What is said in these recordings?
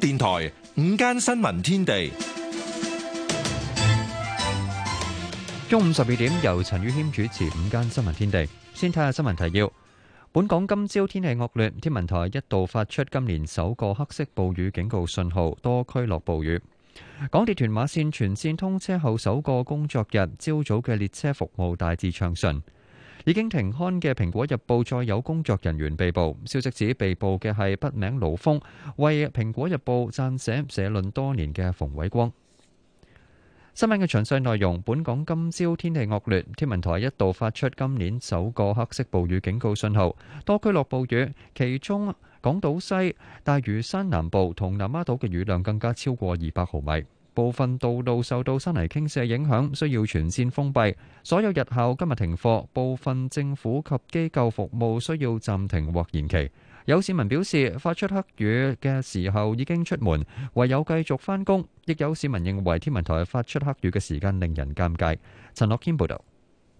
電台午間新聞天地，中午十二點由陳宇謙主持《午間新聞天地》天地。先睇下新聞提要。本港今朝天氣惡劣，天文台一度發出今年首個黑色暴雨警告信號，多區落暴雨。港鐵屯馬綫全綫通車後首個工作日，朝早嘅列車服務大致暢順。已經停刊嘅《蘋果日報》再有工作人員被捕，消息指被捕嘅係筆名盧峰，為《蘋果日報》撰寫社論多年嘅馮偉光。新聞嘅詳細內容，本港今朝天氣惡劣，天文台一度發出今年首個黑色暴雨警告信號，多區落暴雨，其中港島西、大嶼山南部同南丫島嘅雨量更加超過二百毫米。部分道路受到山泥傾瀉影響，需要全線封閉。所有日校今日停課，部分政府及機構服務需要暫停或延期。有市民表示，發出黑雨嘅時候已經出門，唯有繼續返工。亦有市民認為，天文台發出黑雨嘅時間令人尷尬。陳諾謙報道，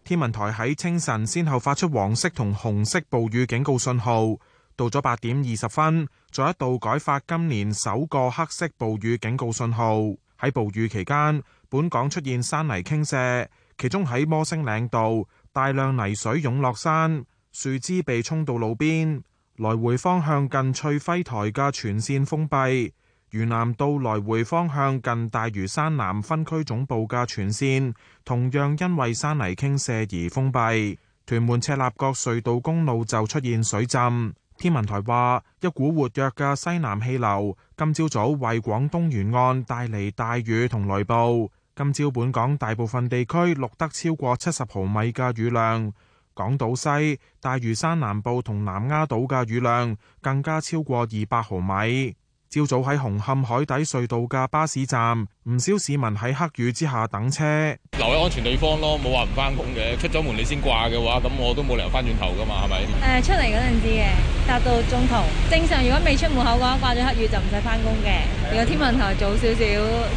天文台喺清晨先後發出黃色同紅色暴雨警告信號，到咗八點二十分，再一度改發今年首個黑色暴雨警告信號。喺暴雨期間，本港出現山泥傾瀉，其中喺摩星嶺道大量泥水湧落山，樹枝被沖到路邊。來回方向近翠輝台嘅全線封閉，嶼南道來回方向近大嶼山南分區總部嘅全線同樣因為山泥傾瀉而封閉。屯門赤鱲角隧道公路就出現水浸。天文台話，一股活躍嘅西南氣流今朝早為廣東沿岸帶嚟大雨同雷暴。今朝本港大部分地區錄得超過七十毫米嘅雨量，港島西、大嶼山南部同南丫島嘅雨量更加超過二百毫米。.朝早喺紅磡海底隧道嘅巴士站，唔少市民喺黑雨之下等車，留喺安全地方咯，冇話唔翻工嘅。出咗門你先掛嘅話，咁我都冇理由翻轉頭噶嘛，係咪？誒、呃，出嚟嗰陣子嘅，搭到中途。正常如果未出門口嘅話，掛咗黑雨就唔使翻工嘅。的如果天文台早少少，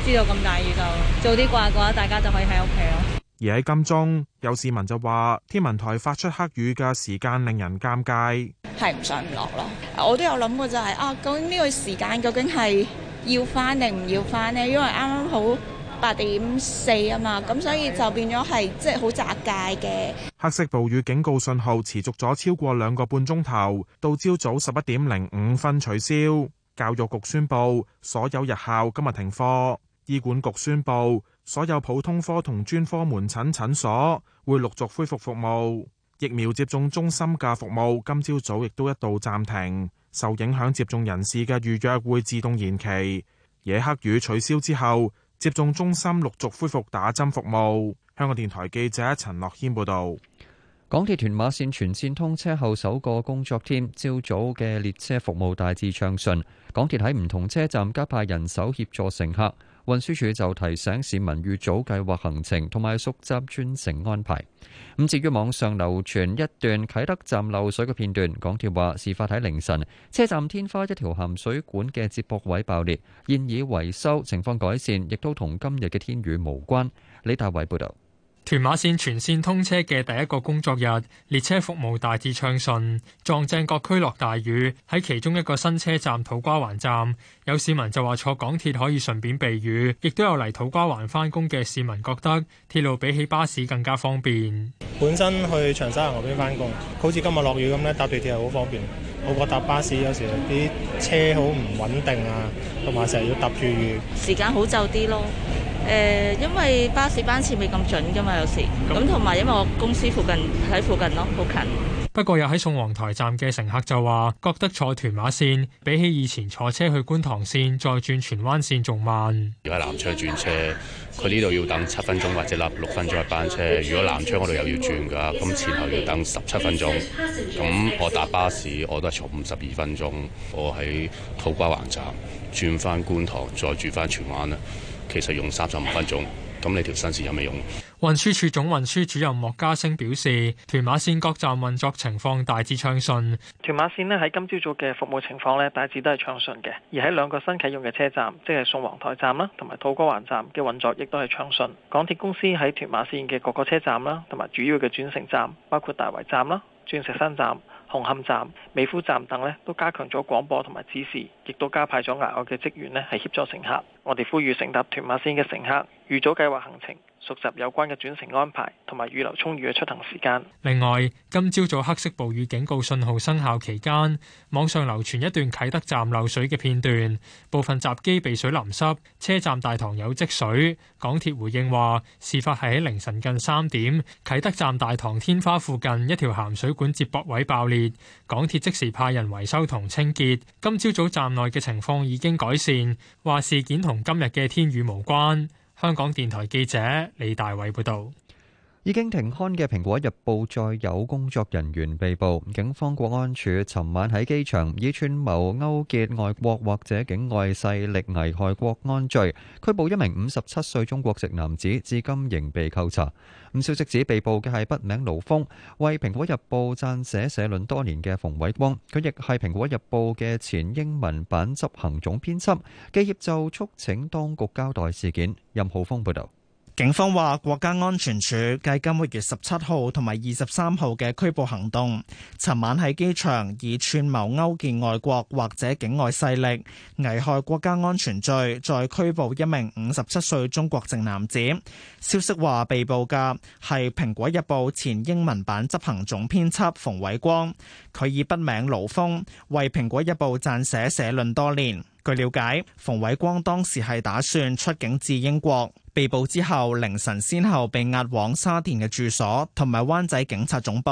知道咁大雨就早啲掛嘅話，大家就可以喺屋企咯。而喺金鐘有市民就話：天文台發出黑雨嘅時間令人尷尬，係唔上唔落咯。我都有諗過就係、是、啊，咁呢個時間究竟係要返定唔要返呢？因為啱啱好八點四啊嘛，咁所以就變咗係即係好窄界嘅。黑色暴雨警告信號持續咗超過兩個半鐘頭，到朝早十一點零五分取消。教育局宣布所有日校今日停課，醫管局宣布所有普通科同專科門診診所會陸續恢復服務，疫苗接種中心嘅服務今朝早亦都一度暫停，受影響接種人士嘅預約會自動延期。夜黑雨取消之後，接種中心陸續恢復打針服務。香港電台記者陳樂謙報道。港鐵屯馬綫全綫通車後首個工作天，朝早嘅列車服務大致暢順，港鐵喺唔同車站加派人手協助乘客。運輸署就提醒市民預早計劃行程同埋熟習專程安排。咁至於網上流傳一段啟德站漏水嘅片段，港鐵話事發喺凌晨，車站天花一條鹹水管嘅接駁位爆裂，現已維修，情況改善，亦都同今日嘅天雨無關。李大偉報導。屯馬線全線通車嘅第一個工作日，列車服務大致暢順。撞正各區落大雨，喺其中一個新車站土瓜灣站，有市民就話坐港鐵可以順便避雨，亦都有嚟土瓜灣翻工嘅市民覺得鐵路比起巴士更加方便。本身去長沙灣嗰邊翻工，好似今日落雨咁咧，搭地鐵係好方便。我覺得搭巴士有時啲車好唔穩定啊，同埋成日要搭住雨。時間好就啲咯，誒、呃，因為巴士班次未咁準㗎嘛，有時咁同埋因為我公司附近喺附近咯，好近。不過，又喺宋皇台站嘅乘客就話，覺得坐屯馬線比起以前坐車去觀塘線再轉荃灣線仲慢。而家南昌轉車，佢呢度要等七分鐘或者立六分鐘一班車。如果南昌嗰度又要轉㗎，咁前後要等十七分鐘。咁我搭巴士我都係坐五十二分鐘。我喺土瓜灣站轉返觀塘，再轉返荃灣喇，其實用三十五分鐘。咁你條新線有咩用？運輸署總運輸主任莫家升表示，屯馬線各站運作情況大致暢順。屯馬線咧喺今朝早嘅服務情況咧，大致都係暢順嘅。而喺兩個新啟用嘅車站，即係宋皇台站啦，同埋土瓜灣站嘅運作亦都係暢順。港鐵公司喺屯馬線嘅各個車站啦，同埋主要嘅轉乘站，包括大圍站啦、鑽石山站、紅磡站、美孚站等呢，都加強咗廣播同埋指示，亦都加派咗額外嘅職員呢，係協助乘客。我哋呼籲乘搭屯馬線嘅乘客預早計劃行程，熟習有關嘅轉乘安排同埋預留充裕嘅出行時間。另外，今朝早黑色暴雨警告信號生效期間，網上流傳一段啟德站漏水嘅片段，部分閘機被水淋濕，車站大堂有積水。港鐵回應話，事發係喺凌晨近三點，啟德站大堂天花附近一條鹹水管接駁位爆裂，港鐵即時派人維修同清潔。今朝早站內嘅情況已經改善，話事件同今日嘅天雨無關。香港電台記者李大偉報道。已經停刊嘅《蘋果日報》再有工作人員被捕，警方國安處尋晚喺機場以串謀勾結外國或者境外勢力危害國安罪拘捕一名五十七歲中國籍男子，至今仍被扣查。唔消息指被捕嘅係筆名盧峰，為《蘋果日報》撰寫社論多年嘅馮偉光，佢亦係《蘋果日報》嘅前英文版執行總編輯。記協就促請當局交代事件。任浩峰報道。警方話，國家安全處繼今個月十七號同埋二十三號嘅拘捕行動，尋晚喺機場以串謀勾結外國或者境外勢力危害國家安全罪，再拘捕一名五十七歲中國籍男子。消息話，被捕嘅係《蘋果日報》前英文版執行總編輯馮偉光，佢以筆名盧峰為《蘋果日報》撰寫社論多年。據了解，馮偉光當時係打算出境至英國。被捕之後，凌晨先後被押往沙田嘅住所，同埋灣仔警察總部。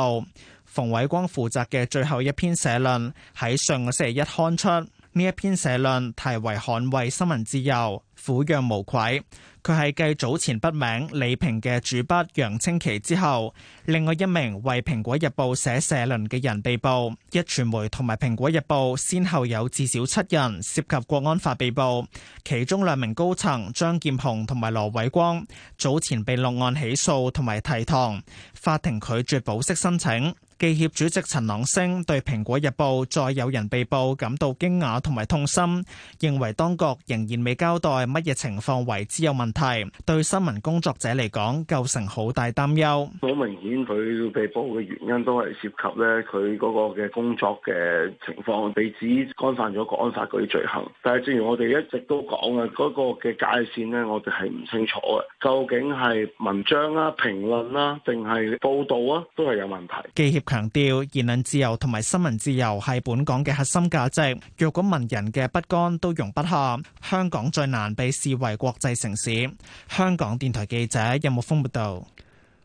馮偉光負責嘅最後一篇社論喺上個星期一刊出。呢一篇社論題為捍衛新聞自由，俯仰無愧，佢係繼早前筆名李平嘅主筆楊清奇之後，另外一名為《蘋果日報》寫社論嘅人被捕。一傳媒同埋《蘋果日報》先後有至少七人涉及國安法被捕，其中兩名高層張劍虹同埋羅偉光早前被落案起訴同埋提堂，法庭拒絕保釋申請。記協主席陳朗升對《蘋果日報》再有人被捕感到驚訝同埋痛心，認為當局仍然未交代。乜嘢情況為之有問題？對新聞工作者嚟講，構成好大擔憂。好明顯，佢被捕嘅原因都係涉及呢佢嗰個嘅工作嘅情況，被指干犯咗《國安法》嗰啲罪行。但係正如我哋一直都講嘅，嗰個嘅界線呢我哋係唔清楚嘅。究竟係文章啊、評論啦，定係報導啊，都係有問題。記協強調，言論自由同埋新聞自由係本港嘅核心價值。若果文人嘅不甘都容不下，香港最難。被視為國際城市。香港電台記者任木峰報道，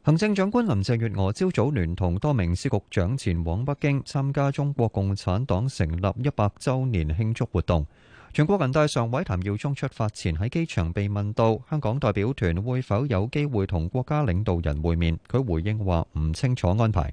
行政長官林鄭月娥朝早聯同多名司局長前往北京參加中國共產黨成立一百周年慶祝活動。全國人大常委譚耀宗出發前喺機場被問到香港代表團會否有機會同國家領導人會面，佢回應話唔清楚安排。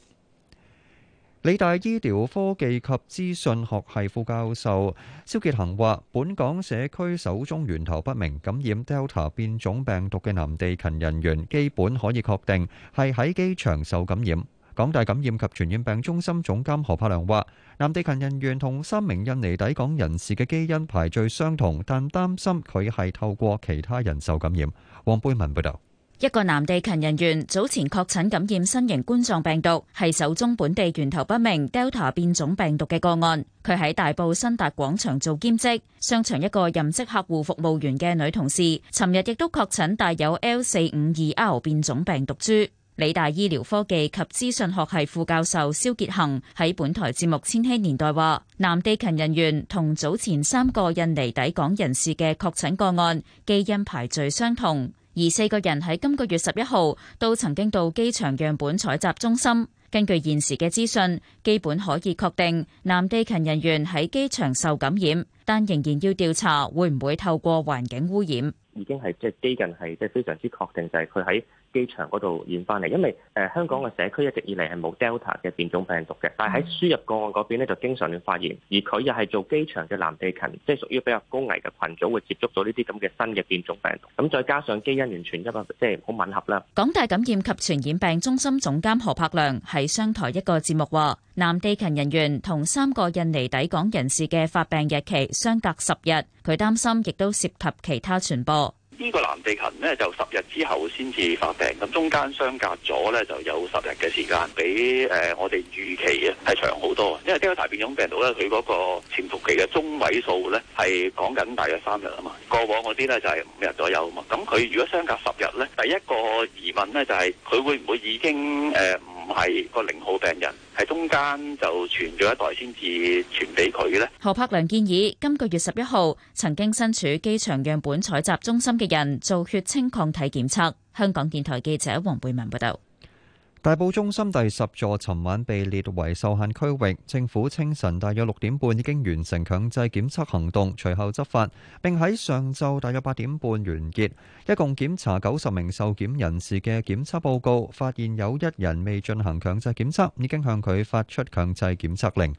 理大醫療科技及資訊學系副教授蕭傑恒話：本港社區首宗源頭不明感染 Delta 變種病毒嘅南地勤人員，基本可以確定係喺機場受感染。港大感染及傳染病中心總監何柏良話：南地勤人員同三名印尼抵港人士嘅基因排序相同，但擔心佢係透過其他人受感染。黃貝文報道。一個男地勤人員早前確診感染新型冠狀病毒，係首宗本地源頭不明 Delta 變種病毒嘅個案。佢喺大埔新達廣場做兼職，商場一個任職客戶服務員嘅女同事，尋日亦都確診帶有 L 四五二 R 變種病毒株。理大醫療科技及資訊學系副教授蕭傑恒喺本台節目《千禧年代》話，男地勤人員同早前三個印尼抵港人士嘅確診個案基因排序相同。而四個人喺今個月十一號都曾經到機場樣本採集中心。根據現時嘅資訊，基本可以確定男地勤人員喺機場受感染，但仍然要調查會唔會透過環境污染。已經係即係接近係即係非常之確定，就係佢喺機場嗰度染翻嚟，因為誒香港嘅社區一直以嚟係冇 Delta 嘅變種病毒嘅，但係喺輸入個案嗰邊咧就經常會發現，而佢又係做機場嘅南地勤，即係屬於比較高危嘅群組會接觸到呢啲咁嘅新嘅變種病毒。咁再加上基因完全一個即係好吻合啦。港大感染及傳染病中心總監何柏良喺商台一個節目話：南地勤人員同三個印尼抵港人士嘅發病日期相隔十日，佢擔心亦都涉及其他傳播。呢個南地勤呢，就十日之後先至發病，咁中間相隔咗呢，就有十日嘅時間，比誒、呃、我哋預期啊係長好多。因為 d e 大 t a 變種病毒呢，佢嗰個潛伏期嘅中位數呢，係講緊大約三日啊嘛，過往嗰啲呢，就係、是、五日左右啊嘛。咁佢如果相隔十日呢，第一個疑問呢，就係、是、佢會唔會已經誒，呃唔係個零號病人，喺中間就傳咗一代先至傳俾佢呢。何柏良建議今個月十一號曾經身處機場樣本採集中心嘅人做血清抗體檢測。香港電台記者黃貝文報道。大埔中心第十座尋晚被列為受限區域，政府清晨大約六點半已經完成強制檢測行動，隨後執法，並喺上晝大約八點半完結，一共檢查九十名受檢人士嘅檢測報告，發現有一人未進行強制檢測，已經向佢發出強制檢測令。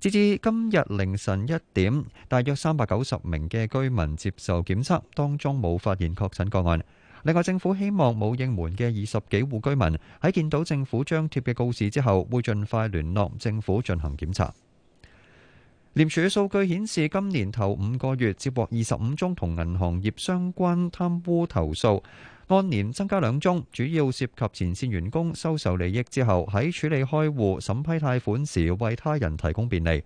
截至今日凌晨一點，大約三百九十名嘅居民接受檢測，當中冇發現確診個案。另外，政府希望冇應門嘅二十幾戶居民喺見到政府張貼嘅告示之後，會盡快聯絡政府進行檢查。廉署數據顯示，今年頭五個月接獲二十五宗同銀行業相關貪污投訴，按年增加兩宗，主要涉及前線員工收受利益之後，喺處理開戶、審批貸款時為他人提供便利。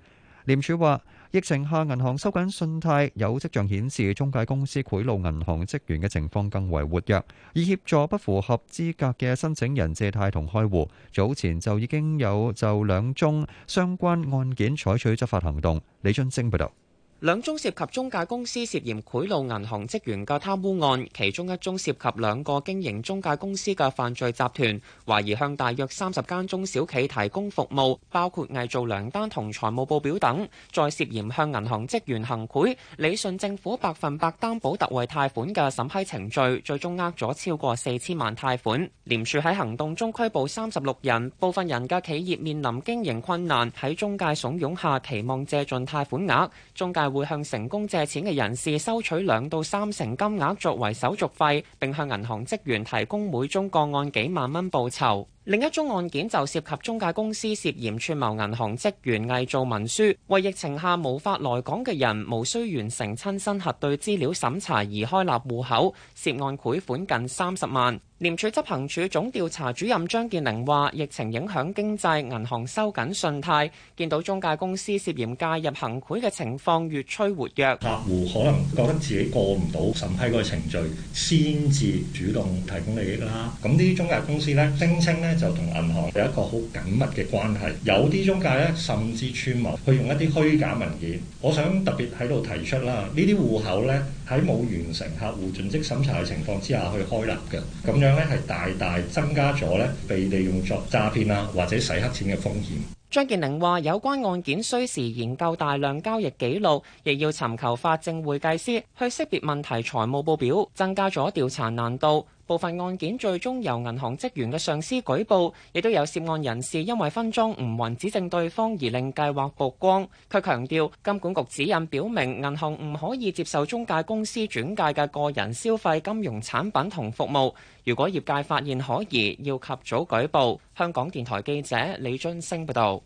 廉署話。疫情下，銀行收緊信貸，有跡象顯示中介公司賄賂銀行職員嘅情況更為活躍，以協助不符合資格嘅申請人借貸同開戶。早前就已經有就兩宗相關案件採取執法行動。李津升報導。兩宗涉及中介公司涉嫌賄賂銀行職員嘅貪污案，其中一宗涉及兩個經營中介公司嘅犯罪集團懷疑向大約三十間中小企提供服務，包括偽造糧單同財務報表等，再涉嫌向銀行職員行賄，理順政府百分百擔保特惠貸款嘅審批程序，最終呃咗超過四千萬貸款。廉署喺行動中拘捕三十六人，部分人嘅企業面臨經營困難，喺中介慫恿下期望借盡貸款額，中介。會向成功借錢嘅人士收取兩到三成金額作為手續費，並向銀行職員提供每宗個案幾萬蚊報酬。另一宗案件就涉及中介公司涉嫌串謀銀行職員偽造文書，為疫情下無法來港嘅人無需完成親身核對資料審查而開立戶口。涉案賄款近三十萬。廉署執行處總調查主任張建寧話：疫情影響經濟，銀行收緊信貸，見到中介公司涉嫌介入行賄嘅情況越趨活躍。客戶可能覺得自己過唔到審批嗰個程序，先至主動提供利益啦。咁呢啲中介公司咧，聲稱咧。就同銀行有一個好緊密嘅關係，有啲中介咧甚至串謀去用一啲虛假文件。我想特別喺度提出啦，呢啲戶口咧喺冇完成客戶盡職審查嘅情況之下去開立嘅，咁樣咧係大大增加咗咧被利用作詐騙啊或者洗黑錢嘅風險。張建寧話：有關案件需時研究大量交易記錄，亦要尋求法證會計師去識別問題財務報表，增加咗調查難度。部分案件最終由銀行職員嘅上司舉報，亦都有涉案人士因為分贓唔勻，指證對方而令計劃曝光。佢強調，金管局指引表明銀行唔可以接受中介公司轉介嘅個人消費金融產品同服務，如果業界發現可疑要及早舉報。香港電台記者李俊升報道。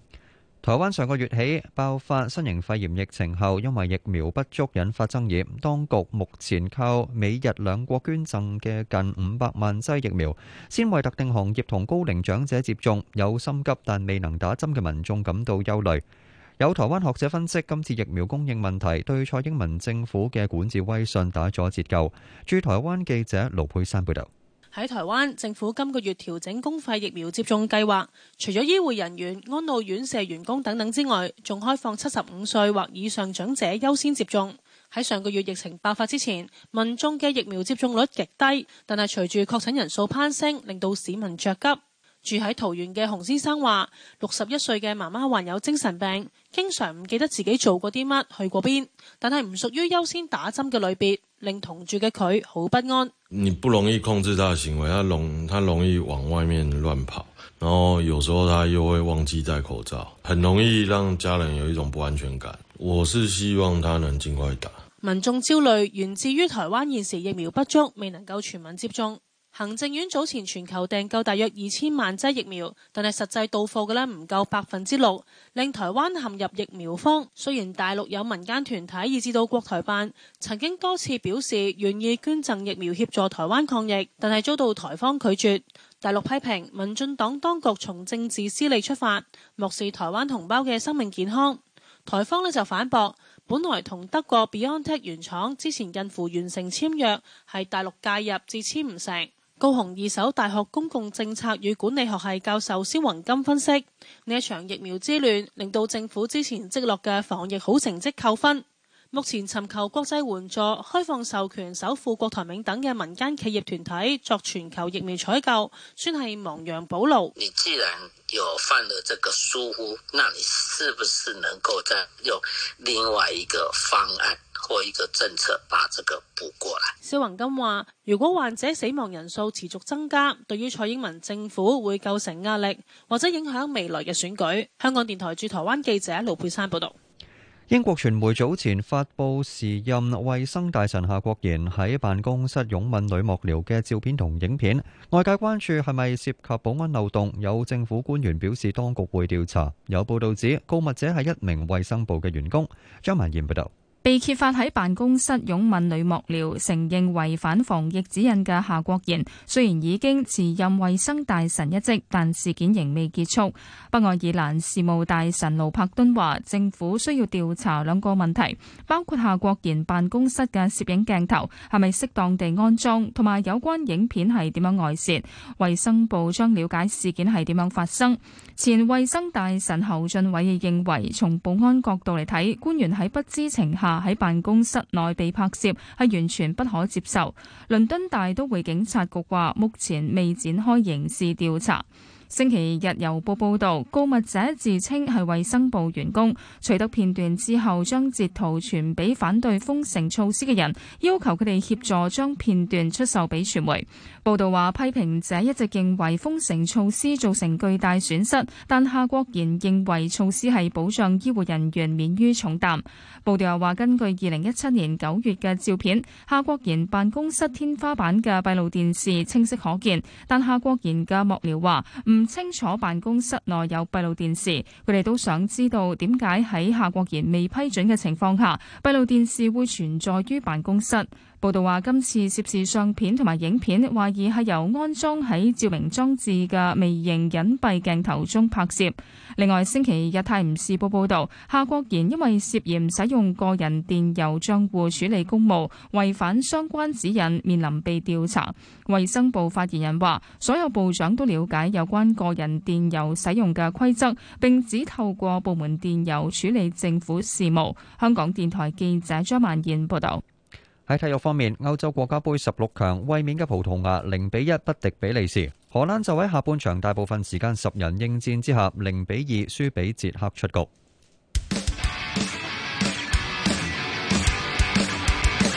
台灣上個月起爆發新型肺炎疫情後，因為疫苗不足引發爭議。當局目前靠美日兩國捐贈嘅近五百萬劑疫苗，先為特定行業同高齡長者接種。有心急但未能打針嘅民眾感到憂慮。有台灣學者分析，今次疫苗供應問題對蔡英文政府嘅管治威信打咗折扣。駐台灣記者盧佩山報道。喺台灣，政府今個月調整公費疫苗接種計劃，除咗醫護人員、安老院舍員工等等之外，仲開放七十五歲或以上長者優先接種。喺上個月疫情爆發之前，民眾嘅疫苗接種率極低，但係隨住確診人數攀升，令到市民着急。住喺桃園嘅洪先生話，六十一歲嘅媽媽患有精神病，經常唔記得自己做過啲乜、去過邊，但係唔屬於優先打針嘅類別。令同住嘅佢好不安。你不容易控制他的行為，他容他容易往外面亂跑，然後有時候他又會忘記戴口罩，很容易讓家人有一種不安全感。我是希望他能盡快打。民眾焦慮源自於台灣現時疫苗不足，未能夠全民接種。行政院早前全球訂購大約二千萬劑疫苗，但係實際到貨嘅咧唔夠百分之六，令台灣陷入疫苗荒。雖然大陸有民間團體以至到國台辦曾經多次表示願意捐贈疫苗協助台灣抗疫，但係遭到台方拒絕。大陸批評民進黨當局從政治私利出發，漠視台灣同胞嘅生命健康。台方咧就反駁，本來同德國 BioNTech 原廠之前近乎完成簽約，係大陸介入至簽唔成。高雄二手大學公共政策與管理學系教授蕭宏金分析：呢場疫苗之亂令到政府之前積落嘅防疫好成績扣分。目前尋求國際援助、開放授權、首富郭台銘等嘅民間企業團體作全球疫苗採購，算係亡羊補牢。你既然有犯了這個疏忽，那你是不是能夠再用另外一個方案？過一個政策，把這個補過來。蕭宏金話，如果患者死亡人數持續增加，對於蔡英文政府會構成壓力，或者影響未來嘅選舉。香港電台駐台灣記者盧佩山報道。英國傳媒早前發佈時任衛生大臣夏國賢喺辦公室擁吻女幕僚嘅照片同影片，外界關注係咪涉及保安漏洞。有政府官員表示，當局會調查。有報道指，告密者係一名衛生部嘅員工。張文賢報道。被揭發喺辦公室擁吻女幕僚，承認違反防疫指引嘅夏國賢，雖然已經辭任衛生大臣一職，但事件仍未結束。北愛爾蘭事務大臣盧柏敦話，政府需要調查兩個問題，包括夏國賢辦公室嘅攝影鏡頭係咪適當地安裝，同埋有關影片係點樣外泄。衛生部將了解事件係點樣發生。前衛生大臣侯俊偉亦認為，從保安角度嚟睇，官員喺不知情下，喺辦公室內被拍攝，係完全不可接受。倫敦大都會警察局話，目前未展開刑事調查。星期日，《郵報》報導，告密者自稱係衞生部員工，取得片段之後，將截圖傳俾反對封城措施嘅人，要求佢哋協助將片段出售俾傳媒。報導話，批評者一直認為封城措施造成巨大損失，但夏國賢認為措施係保障醫護人員免於重擔。報道又話，根據二零一七年九月嘅照片，夏國賢辦公室天花板嘅閉路電視清晰可見，但夏國賢嘅幕僚話唔清楚辦公室內有閉路電視，佢哋都想知道點解喺夏國賢未批准嘅情況下，閉路電視會存在於辦公室。報道話，今次涉事相片同埋影片，懷疑係由安裝喺照明裝置嘅微型隱蔽鏡頭中拍攝。另外，星期日《泰晤士報》報導，夏國賢因為涉嫌使用個人電郵帳戶處理公務，違反相關指引，面臨被調查。衛生部發言人話：所有部長都了解有關個人電郵使用嘅規則，並只透過部門電郵處理政府事務。香港電台記者張曼燕報道。喺體育方面，歐洲國家盃十六強衛冕嘅葡萄牙零比一不敵比利時，荷蘭就喺下半場大部分時間十人應戰之下零比二輸俾捷克出局。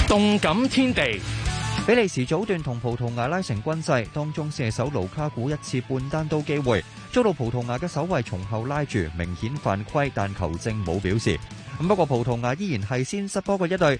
動感天地，比利時早段同葡萄牙拉成均勢，當中射手盧卡古一次半單刀機會，遭到葡萄牙嘅守衛從後拉住，明顯犯規，但球證冇表示。咁不過葡萄牙依然係先失波嘅一隊。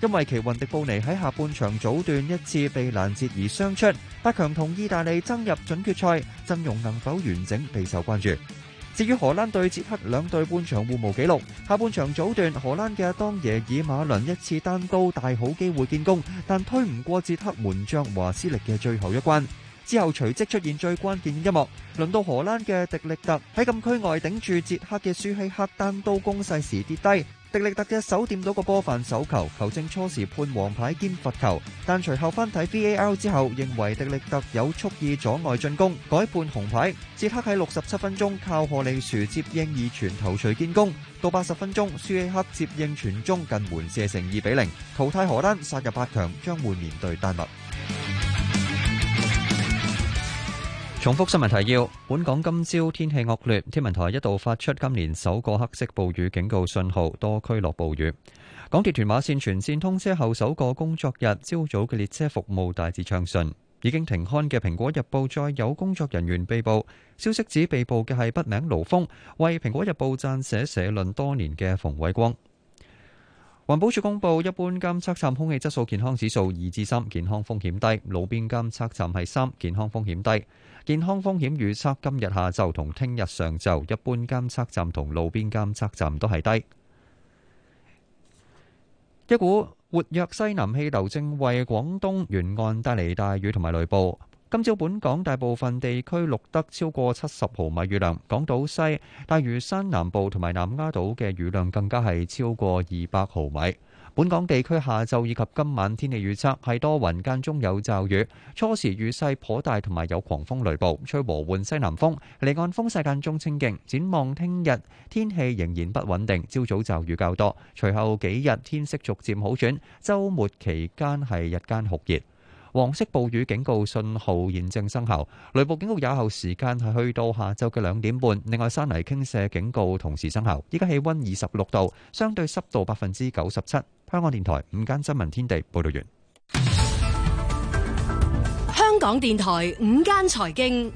因為奇雲迪布尼喺下半場早段一次被攔截而傷出，八強同意大利爭入準決賽，陣容能否完整備受關注。至於荷蘭對捷克兩隊半場互無紀錄，下半場早段荷蘭嘅當耶爾馬倫一次單刀大好機會見功，但推唔過捷克門將華斯力嘅最後一關。之後隨即出現最關鍵嘅一幕，輪到荷蘭嘅迪力特喺禁區外頂住捷克嘅舒希克單刀攻勢時跌低。迪力特嘅手掂到個波犯手球，球證初時判黃牌兼罰球，但隨後翻睇 VAR 之後，認為迪力特有蓄意阻礙進攻，改判紅牌。捷克喺六十七分鐘靠賀利殊接應二傳頭錘建功，到八十分鐘舒希克接應傳中近門射成二比零，淘汰荷蘭，殺入八強，將會面對丹麥。重複新聞提要：本港今朝天氣惡劣，天文台一度發出今年首個黑色暴雨警告信號，多區落暴雨。港鐵屯馬綫全綫通車後首個工作日，朝早嘅列車服務大致暢順。已經停刊嘅《蘋果日報》再有工作人員被捕，消息指被捕嘅係筆名盧峰，為《蘋果日報》撰寫社論多年嘅馮偉光。環保署公布，一般監測站空氣質素健康指數二至三，健康風險低；路邊監測站係三，健康風險低。健康風險預測，今日下晝同聽日上晝，一般監測站同路邊監測站都係低。一股活躍西南氣流正為廣東沿岸帶嚟大雨同埋雷暴。今朝本港大部分地區錄得超過七十毫米雨量，港島西、大嶼山南部同埋南丫島嘅雨量更加係超過二百毫米。本港地區下晝以及今晚天氣預測係多雲間中有驟雨，初時雨勢頗大，同埋有狂風雷暴，吹和緩西南風，離岸風勢間中清勁。展望聽日天氣仍然不穩定，朝早驟雨較多，隨後幾日天色逐漸好轉，周末期間係日間酷熱。黃色暴雨警告信號現正生效，雷暴警告有效時間係去到下晝嘅兩點半。另外，山泥傾瀉警告同時生效。依家氣溫二十六度，相對濕度百分之九十七。香港電台午間新聞天地報道完。香港電台午間財經，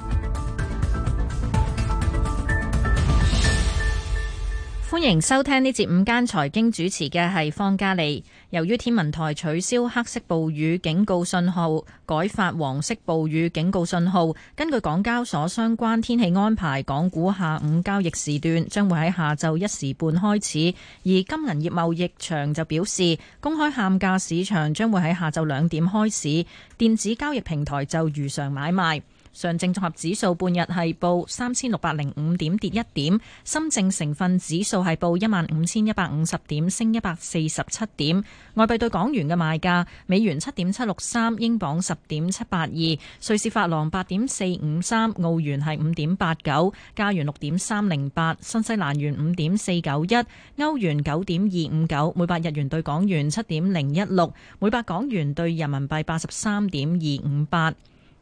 歡迎收聽呢節午間財經，主持嘅係方嘉莉。由於天文台取消黑色暴雨警告信號，改發黃色暴雨警告信號。根據港交所相關天氣安排，港股下午交易時段將會喺下晝一時半開始。而金銀業貿易場就表示，公開喊價市場將會喺下晝兩點開始，電子交易平台就如常買賣。上證綜合指數半日係報三千六百零五點跌一點，深證成分指數係報一萬五千一百五十點升一百四十七點。外幣對港元嘅賣價：美元七點七六三，英鎊十點七八二，瑞士法郎八點四五三，澳元係五點八九，加元六點三零八，新西蘭元五點四九一，歐元九點二五九，每百日元對港元七點零一六，每百港元對人民幣八十三點二五八。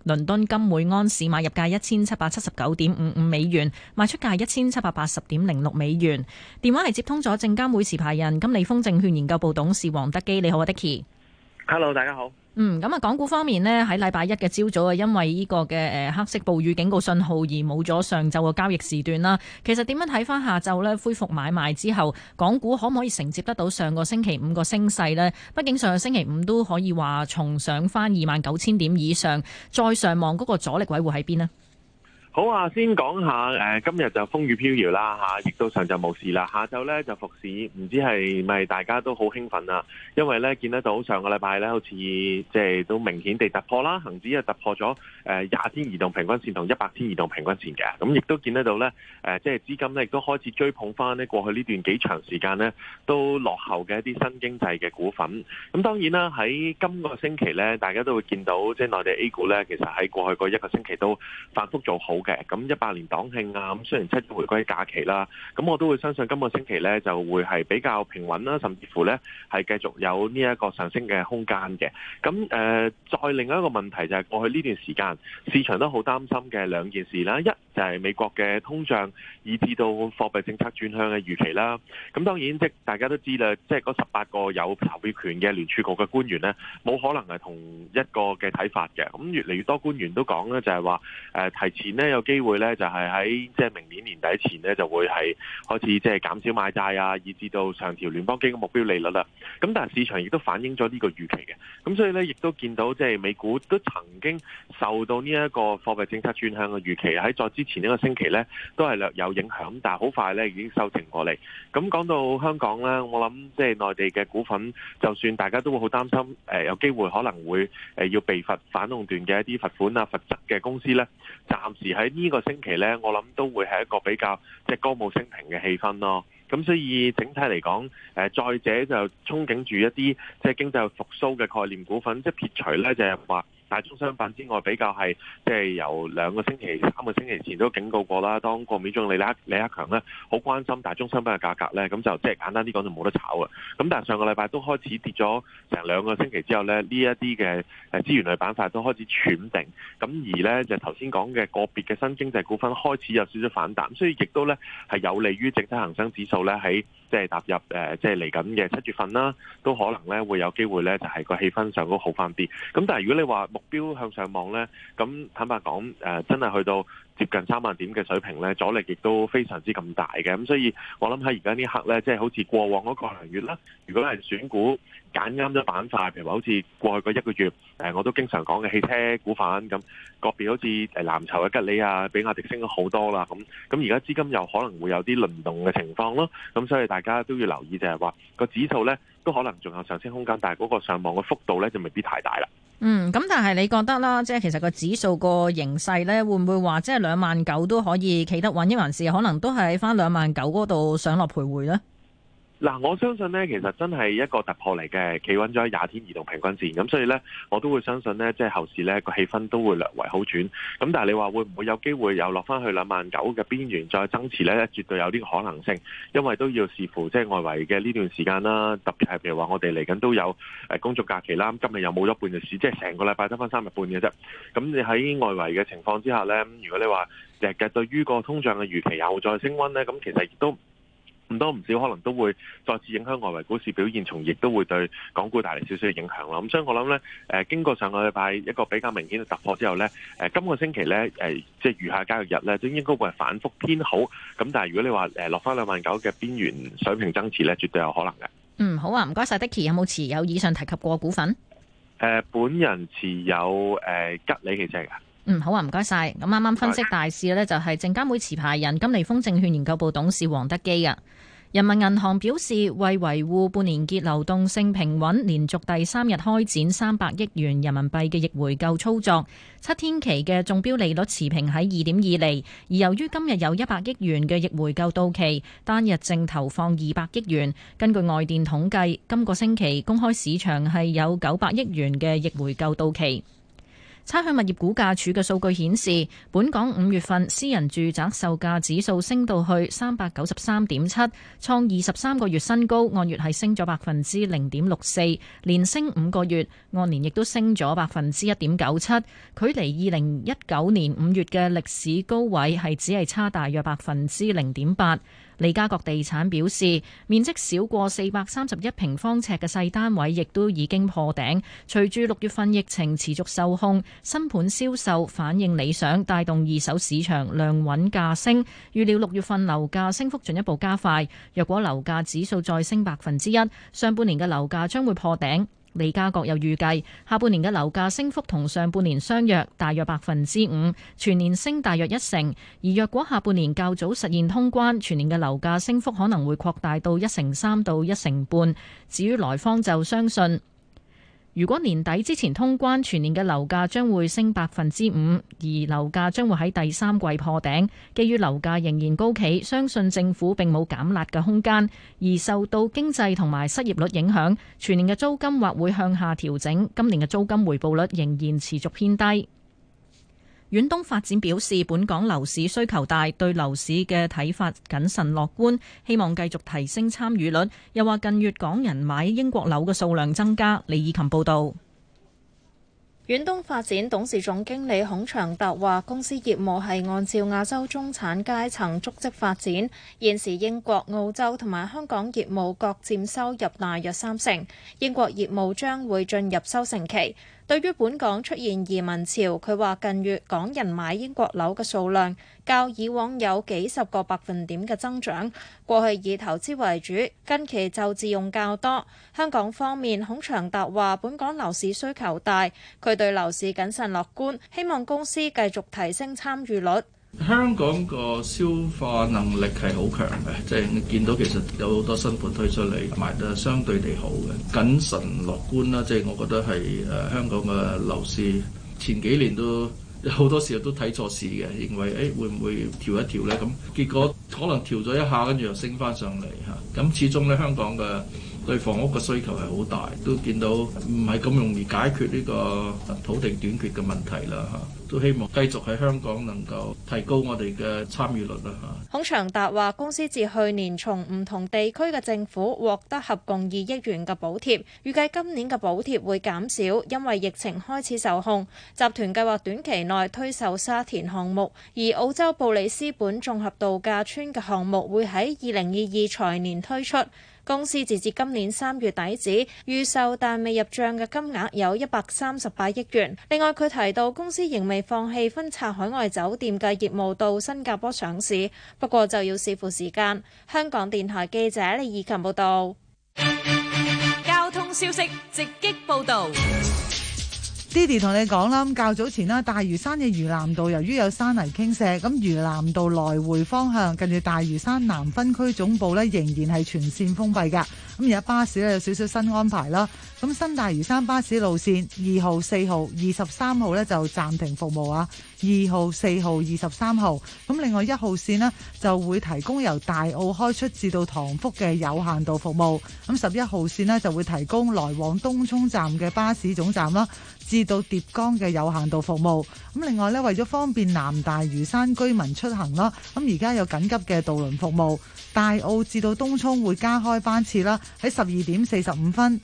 倫敦金每安士買入價一千七百七十九點五五美元，賣出價一千七百八十點零六美元。電話係接通咗證監會持牌人金利豐證券研究部董事黃德基。你好啊，Dicky。Hello，大家好。嗯，咁啊，港股方面咧，喺禮拜一嘅朝早啊，因為呢個嘅誒黑色暴雨警告信號而冇咗上晝嘅交易時段啦。其實點樣睇翻下晝咧，恢復買賣之後，港股可唔可以承接得到上個星期五個升勢呢？畢竟上個星期五都可以話重上翻二萬九千點以上，再上望嗰個阻力位會喺邊呢？好啊，先講下誒、呃，今日就風雨飄搖啦嚇，亦、啊、都上晝冇事啦。下晝咧就復市，唔知係咪大家都好興奮啊？因為咧見得到上個禮拜咧，好似即係都明顯地突破啦，恒指啊突破咗誒廿天移動平均線同一百天移動平均線嘅。咁、嗯、亦都見得到咧誒，即、呃、係、就是、資金咧亦都開始追捧翻呢過去呢段幾長時間咧都落後嘅一啲新經濟嘅股份。咁、嗯、當然啦，喺今個星期咧，大家都會見到即係、就是、內地 A 股咧，其實喺過去嗰一個星期都反覆做好。嘅。咁一百年黨慶啊，咁雖然七一回歸假期啦，咁我都會相信今個星期咧就會係比較平穩啦，甚至乎咧係繼續有呢一個上升嘅空間嘅。咁誒、呃，再另外一個問題就係、是、過去呢段時間市場都好擔心嘅兩件事啦，一就係美國嘅通脹，以至到貨幣政策轉向嘅預期啦。咁當然即係大家都知啦，即係嗰十八個有投票權嘅聯儲局嘅官員咧，冇可能係同一個嘅睇法嘅。咁越嚟越多官員都講咧，就係話誒提前咧。有機會咧，就係喺即係明年年底前咧，就會係開始即係減少買債啊，以至到上調聯邦基金目標利率啦。咁但係市場亦都反映咗呢個預期嘅。咁所以咧，亦都見到即係美股都曾經受到呢一個貨幣政策轉向嘅預期，喺在，在之前一個星期咧，都係略有影響。但係好快咧，已經收停過嚟。咁講到香港咧，我諗即係內地嘅股份，就算大家都會好擔心誒、呃，有機會可能會誒要被罰反壟斷嘅一啲罰款啊、罰則嘅公司咧，暫時係。喺呢個星期呢，我諗都會係一個比較即係歌舞升平嘅氣氛咯。咁所以整體嚟講，誒、呃、再者就憧憬住一啲即係經濟復甦嘅概念股份，即係撇除呢就係話。大宗商品之外，比較係即係由兩個星期、三個星期前都警告過啦。當個面總理，李李克強呢，好關心大宗商品嘅價格呢，咁就即係簡單啲講就冇得炒啊。咁但係上個禮拜都開始跌咗成兩個星期之後呢，呢一啲嘅誒資源類板塊都開始喘定。咁而呢，就頭先講嘅個別嘅新經濟股份開始有少少反彈，所以亦都呢係有利於整體恒生指數呢。喺即係踏入誒即係嚟緊嘅七月份啦，都可能呢會有機會呢，就係個氣氛上都好翻啲。咁但係如果你話，標向上望咧，咁坦白講誒、呃、真係去到，接近三萬點嘅水平咧，阻力亦都非常之咁大嘅，咁、嗯、所以我諗喺而家呢刻咧，即係好似過往嗰個零月啦。如果有人選股揀啱咗板塊，譬如話好似過去嗰一個月，誒、呃、我都經常講嘅汽車股份，咁，嗰邊好似誒藍籌嘅吉利啊，比亞迪升咗好多啦，咁咁而家資金又可能會有啲輪動嘅情況咯。咁所以大家都要留意就，就係話個指數咧都可能仲有上升空間，但係嗰個上網嘅幅度咧就未必太大啦。嗯，咁但係你覺得啦，即係其實個指數個形勢咧，會唔會話即係兩萬九都可以企得穩，一還是可能都係翻兩萬九嗰度上落徘徊呢。嗱，我相信呢，其實真係一個突破嚟嘅企穩咗廿天移動平均線，咁所以呢，我都會相信呢，即係後市呢個氣氛都會略為好轉。咁但係你話會唔會有機會又落翻去兩萬九嘅邊緣再增持呢？絕對有啲可能性，因為都要視乎即係外圍嘅呢段時間啦。特別係譬如話，我哋嚟緊都有誒工作假期啦，今日又冇咗半日市，即係成個禮拜得翻三日半嘅啫。咁你喺外圍嘅情況之下呢，如果你話日日對於個通脹嘅預期又再升溫呢，咁其實亦都。唔多唔少，可能都會再次影響外圍股市表現，從亦都會對港股帶嚟少少嘅影響咯。咁、嗯、所以我諗咧，誒、呃、經過上個禮拜一個比較明顯嘅突破之後咧，誒、呃、今、這個星期咧，誒、呃、即係餘下交易日咧，都應該會係反覆偏好。咁但係如果你話誒、呃、落翻兩萬九嘅邊緣水平增持咧，絕對有可能嘅。嗯，好啊，唔該晒。Dicky 有冇持有以上提及過股份？誒，本人持有誒吉利汽車嘅。嗯，好啊，唔該晒。咁啱啱分析大市咧，就係證監會持牌人金利豐證券研究部董事黃德基嘅。人民銀行表示，為維護半年結流動性平穩，連續第三日開展三百億元人民幣嘅逆回購操作。七天期嘅中標利率持平喺二點二厘，而由於今日有一百億元嘅逆回購到期，單日淨投放二百億元。根據外電統計，今個星期公開市場係有九百億元嘅逆回購到期。差餉物業估價署嘅數據顯示，本港五月份私人住宅售價指數升到去三百九十三點七，創二十三個月新高，按月係升咗百分之零點六四，連升五個月，按年亦都升咗百分之一點九七，距離二零一九年五月嘅歷史高位係只係差大約百分之零點八。李家國地產表示，面積少過四百三十一平方尺嘅細單位亦都已經破頂。隨住六月份疫情持續受控，新盤銷售反應理想，帶動二手市場量穩價升。預料六月份樓價升幅進一步加快，若果樓價指數再升百分之一，上半年嘅樓價將會破頂。李家國又預計下半年嘅樓價升幅同上半年相約，大約百分之五，全年升大約一成。而若果下半年較早實現通關，全年嘅樓價升幅可能會擴大到一成三到一成半。至於來方就相信。如果年底之前通關，全年嘅樓價將會升百分之五，而樓價將會喺第三季破頂，基於樓價仍然高企，相信政府並冇減辣嘅空間，而受到經濟同埋失業率影響，全年嘅租金或會向下調整。今年嘅租金回報率仍然持續偏低。遠東發展表示，本港樓市需求大，對樓市嘅睇法謹慎樂觀，希望繼續提升參與率。又話近月港人買英國樓嘅數量增加。李以琴報道。遠東發展董事總經理孔祥達話，公司業務係按照亞洲中產階層足跡發展。現時英國、澳洲同埋香港業務各佔收入大約三成，英國業務將會進入收成期。對於本港出現移民潮，佢話近月港人買英國樓嘅數量較以往有幾十個百分點嘅增長。過去以投資為主，近期就自用較多。香港方面，孔長達話本港樓市需求大，佢對樓市謹慎樂觀，希望公司繼續提升參與率。香港個消化能力係好強嘅，即係你見到其實有好多新盤推出嚟，賣得相對地好嘅。謹慎樂觀啦，即係我覺得係誒香港嘅樓市前幾年都好多時候都睇錯市嘅，認為誒會唔會調一調呢？咁，結果可能調咗一下，跟住又升翻上嚟吓。咁始終咧香港嘅。對房屋嘅需求係好大，都見到唔係咁容易解決呢個土地短缺嘅問題啦，都希望繼續喺香港能夠提高我哋嘅參與率。公司截至今年三月底止，預售但未入賬嘅金額有一百三十八億元。另外，佢提到公司仍未放棄分拆海外酒店嘅業務到新加坡上市，不過就要視乎時間。香港電台記者李以琴報道。交通消息直擊報道。爹哋同你講啦，咁較早前啦，大嶼山嘅嶼南道由於有山泥傾瀉，咁嶼南道來回方向近住大嶼山南分區總部咧，仍然係全線封閉嘅。咁而家巴士咧有少少新安排啦，咁新大嶼山巴士路線二號、四號、二十三號咧就暫停服務啊。二號、四號、二十三號，咁另外一號線呢就會提供由大澳開出至到塘福嘅有限度服務。咁十一號線呢就會提供來往東涌站嘅巴士總站啦，至到疊江嘅有限度服務。咁另外呢，為咗方便南大嶼山居民出行啦，咁而家有緊急嘅渡輪服務，大澳至到東涌會加開班次啦，喺十二點四十五分，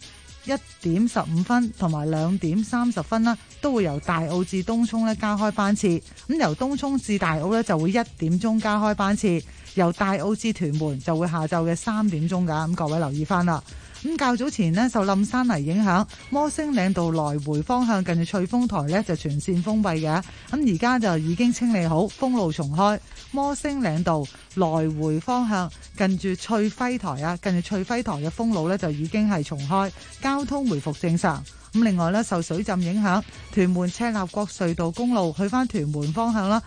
一點十五分同埋兩點三十分啦，都會由大澳至東涌咧加開班次。咁、嗯、由東涌至大澳咧就會一點鐘加開班次，由大澳至屯門就會下晝嘅三點鐘㗎。咁、嗯、各位留意翻啦。咁、嗯、較早前咧受冧山泥影響，摩星嶺道來回方向近住翠峰台咧就全線封閉嘅。咁而家就已經清理好，封路重開。摩星嶺道來回方向近住翠輝台啊，近住翠輝台嘅封路呢就已經係重開，交通回復正常。咁另外呢，受水浸影響，屯門赤鱲角隧道公路去翻屯門方向啦，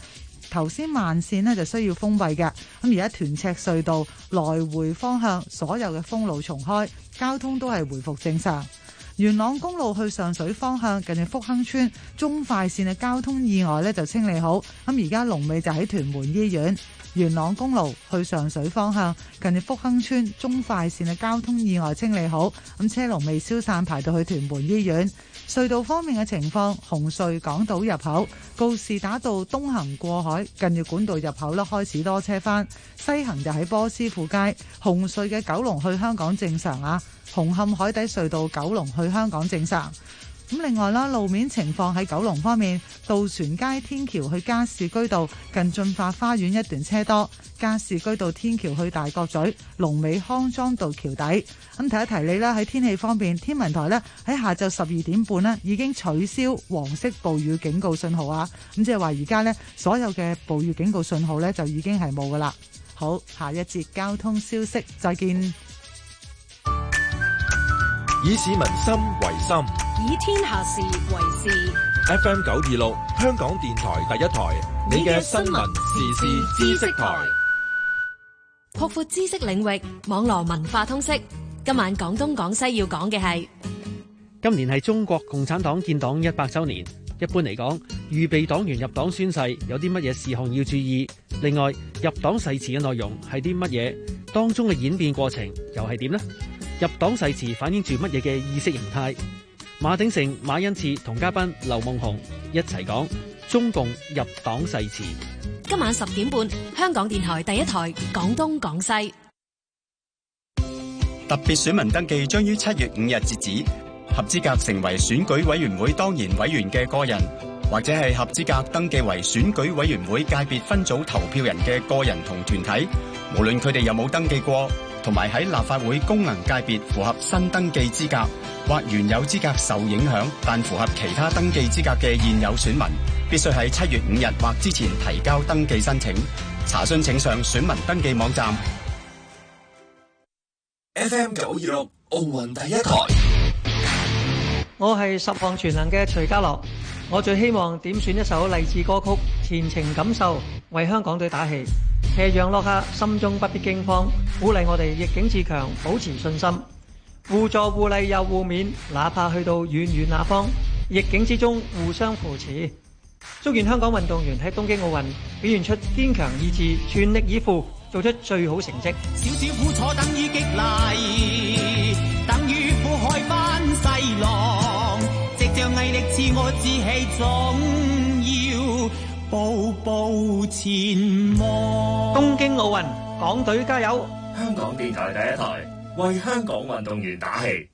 頭先慢線呢就需要封閉嘅。咁而家屯赤隧道來回方向所有嘅封路重開，交通都係回復正常。元朗公路去上水方向近住福亨村中快線嘅交通意外咧就清理好，咁而家龍尾就喺屯門醫院。元朗公路去上水方向近住福亨村中快線嘅交通意外清理好，咁車龍未消散，排到去屯門醫院。隧道方面嘅情況，紅隧港島入口、告士打道東行過海、近月管道入口啦，開始多車返；西行就喺波斯富街。紅隧嘅九龍去香港正常啊，紅磡海底隧道九龍去香港正常。咁另外啦，路面情況喺九龍方面，渡船街天橋去加士居道近駿發花園一段車多，加士居道天橋去大角咀、龍尾康莊道橋底。咁提一提你啦，喺天氣方面，天文台呢，喺下晝十二點半呢已經取消黃色暴雨警告信號啊。咁即係話而家呢所有嘅暴雨警告信號呢，就已經係冇噶啦。好，下一節交通消息再見。以市民心為心。以天下事為事。F.M. 九二六，香港電台第一台，你嘅新聞時事知識台，擴闊知識領域，網絡文化通識。今晚廣東廣西要講嘅係今年係中國共產黨建黨一百周年。一般嚟講，預備黨員入黨宣誓有啲乜嘢事項要注意？另外，入黨誓詞嘅內容係啲乜嘢？當中嘅演變過程又係點呢？入黨誓詞反映住乜嘢嘅意識形態？馬鼎盛、馬恩賜同嘉賓劉夢紅一齊講中共入黨誓詞。今晚十點半，香港電台第一台廣東廣西。特別選民登記將於七月五日截止。合資格成為選舉委員會當然委員嘅個人，或者係合資格登記為選舉委員會界別分組投票人嘅個人同團體，無論佢哋有冇登記過。同埋喺立法會功能界別符合新登記資格或原有資格受影響但符合其他登記資格嘅現有選民，必須喺七月五日或之前提交登記申請。查詢請上選民登記網站。FM 九二六奧運第一台，我係十項全能嘅徐家樂。我最希望點選一首勵志歌曲，前程感受為香港隊打氣。斜陽落下，心中不必驚慌，鼓勵我哋逆境自強，保持信心。互助互勵又互勉，哪怕去到遠遠那方，逆境之中互相扶持。祝願香港運動員喺東京奧運表現出堅強意志，全力以赴，做出最好成績。少少苦楚等於激勵，等於苦海翻細浪。讓毅力賜我志氣，總要步步前望。東京奧運，港隊加油！香港電台第一台，為香港運動員打氣。